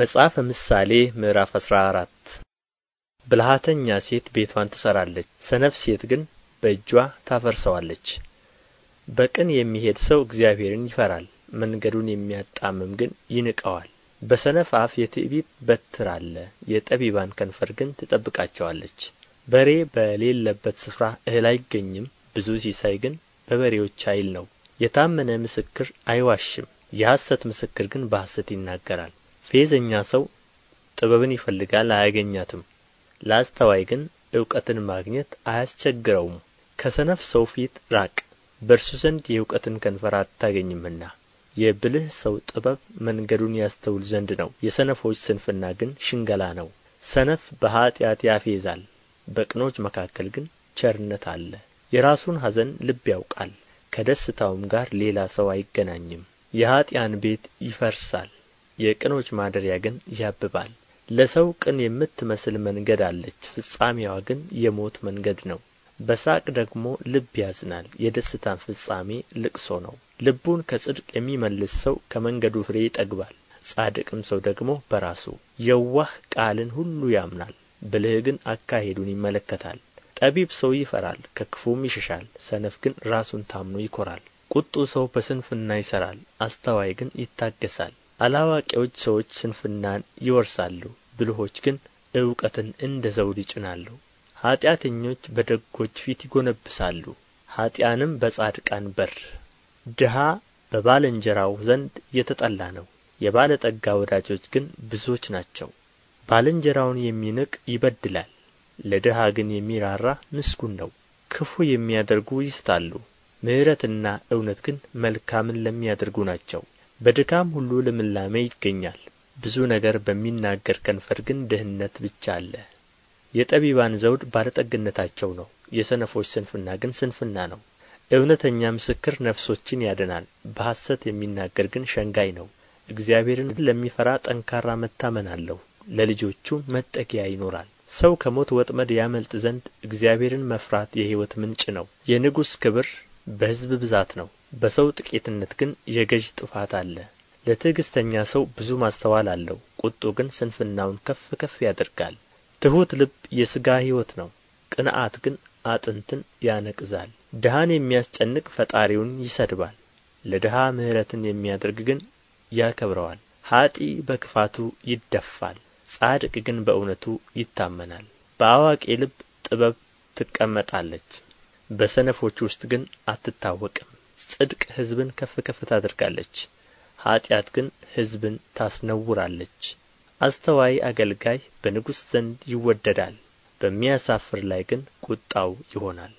መጽሐፈ ምሳሌ ምዕራፍ አስራ አራት ብልሃተኛ ሴት ቤቷን ትሠራለች፣ ሰነፍ ሴት ግን በእጇ ታፈርሰዋለች። በቅን የሚሄድ ሰው እግዚአብሔርን ይፈራል፣ መንገዱን የሚያጣምም ግን ይንቀዋል። በሰነፍ አፍ የትዕቢት በትር አለ፣ የጠቢባን ከንፈር ግን ትጠብቃቸዋለች። በሬ በሌለበት ስፍራ እህል አይገኝም፣ ብዙ ሲሳይ ግን በበሬዎች ኃይል ነው። የታመነ ምስክር አይዋሽም፣ የሐሰት ምስክር ግን በሐሰት ይናገራል። ፌዘኛ ሰው ጥበብን ይፈልጋል አያገኛትም፣ ለአስተዋይ ግን እውቀትን ማግኘት አያስቸግረውም። ከሰነፍ ሰው ፊት ራቅ፣ በእርሱ ዘንድ የእውቀትን ከንፈር አታገኝምና። የብልህ ሰው ጥበብ መንገዱን ያስተውል ዘንድ ነው፣ የሰነፎች ስንፍና ግን ሽንገላ ነው። ሰነፍ በኃጢአት ያፌዛል፣ በቅኖች መካከል ግን ቸርነት አለ። የራሱን ሐዘን ልብ ያውቃል፣ ከደስታውም ጋር ሌላ ሰው አይገናኝም። የኀጢአን ቤት ይፈርሳል፣ የቅኖች ማደሪያ ግን ያብባል ለሰው ቅን የምትመስል መንገድ አለች ፍጻሜዋ ግን የሞት መንገድ ነው በሳቅ ደግሞ ልብ ያዝናል የደስታን ፍጻሜ ልቅሶ ነው ልቡን ከጽድቅ የሚመልስ ሰው ከመንገዱ ፍሬ ይጠግባል ጻድቅም ሰው ደግሞ በራሱ የዋህ ቃልን ሁሉ ያምናል ብልህ ግን አካሄዱን ይመለከታል ጠቢብ ሰው ይፈራል ከክፉም ይሸሻል ሰነፍ ግን ራሱን ታምኖ ይኮራል። ቁጡ ሰው በስንፍና ይሠራል አስተዋይ ግን ይታገሳል። አላዋቂዎች ሰዎች ስንፍናን ይወርሳሉ ብልሆች ግን እውቀትን እንደ ዘውድ ይጭናሉ ኀጢአተኞች በደጎች ፊት ይጎነብሳሉ። ኀጢአንም በጻድቃን በር ድሃ በባልንጀራው ዘንድ የተጠላ ነው የባለጠጋ ወዳጆች ግን ብዙዎች ናቸው ባልንጀራውን የሚንቅ ይበድላል ለድሃ ግን የሚራራ ምስጉን ነው ክፉ የሚያደርጉ ይስታሉ ምሕረትና እውነት ግን መልካምን ለሚያደርጉ ናቸው በድካም ሁሉ ልምላሜ ይገኛል፣ ብዙ ነገር በሚናገር ከንፈር ግን ድህነት ብቻ አለ። የጠቢባን ዘውድ ባለጠግነታቸው ነው፣ የሰነፎች ስንፍና ግን ስንፍና ነው። እውነተኛ ምስክር ነፍሶችን ያድናል፣ በሐሰት የሚናገር ግን ሸንጋይ ነው። እግዚአብሔርን ለሚፈራ ጠንካራ መታመን አለው፣ ለልጆቹ መጠጊያ ይኖራል። ሰው ከሞት ወጥመድ ያመልጥ ዘንድ እግዚአብሔርን መፍራት የሕይወት ምንጭ ነው። የንጉሥ ክብር በሕዝብ ብዛት ነው። በሰው ጥቂትነት ግን የገዥ ጥፋት አለ። ለትዕግሥተኛ ሰው ብዙ ማስተዋል አለው፣ ቁጡ ግን ስንፍናውን ከፍ ከፍ ያደርጋል። ትሑት ልብ የሥጋ ሕይወት ነው፣ ቅንዓት ግን አጥንትን ያነቅዛል። ድሃን የሚያስጨንቅ ፈጣሪውን ይሰድባል፣ ለድሃ ምሕረትን የሚያደርግ ግን ያከብረዋል። ኀጢ በክፋቱ ይደፋል፣ ጻድቅ ግን በእውነቱ ይታመናል። በአዋቂ ልብ ጥበብ ትቀመጣለች፣ በሰነፎች ውስጥ ግን አትታወቅም። ጽድቅ ሕዝብን ከፍ ከፍ ታደርጋለች፣ ኃጢአት ግን ሕዝብን ታስነውራለች። አስተዋይ አገልጋይ በንጉሥ ዘንድ ይወደዳል፣ በሚያሳፍር ላይ ግን ቁጣው ይሆናል።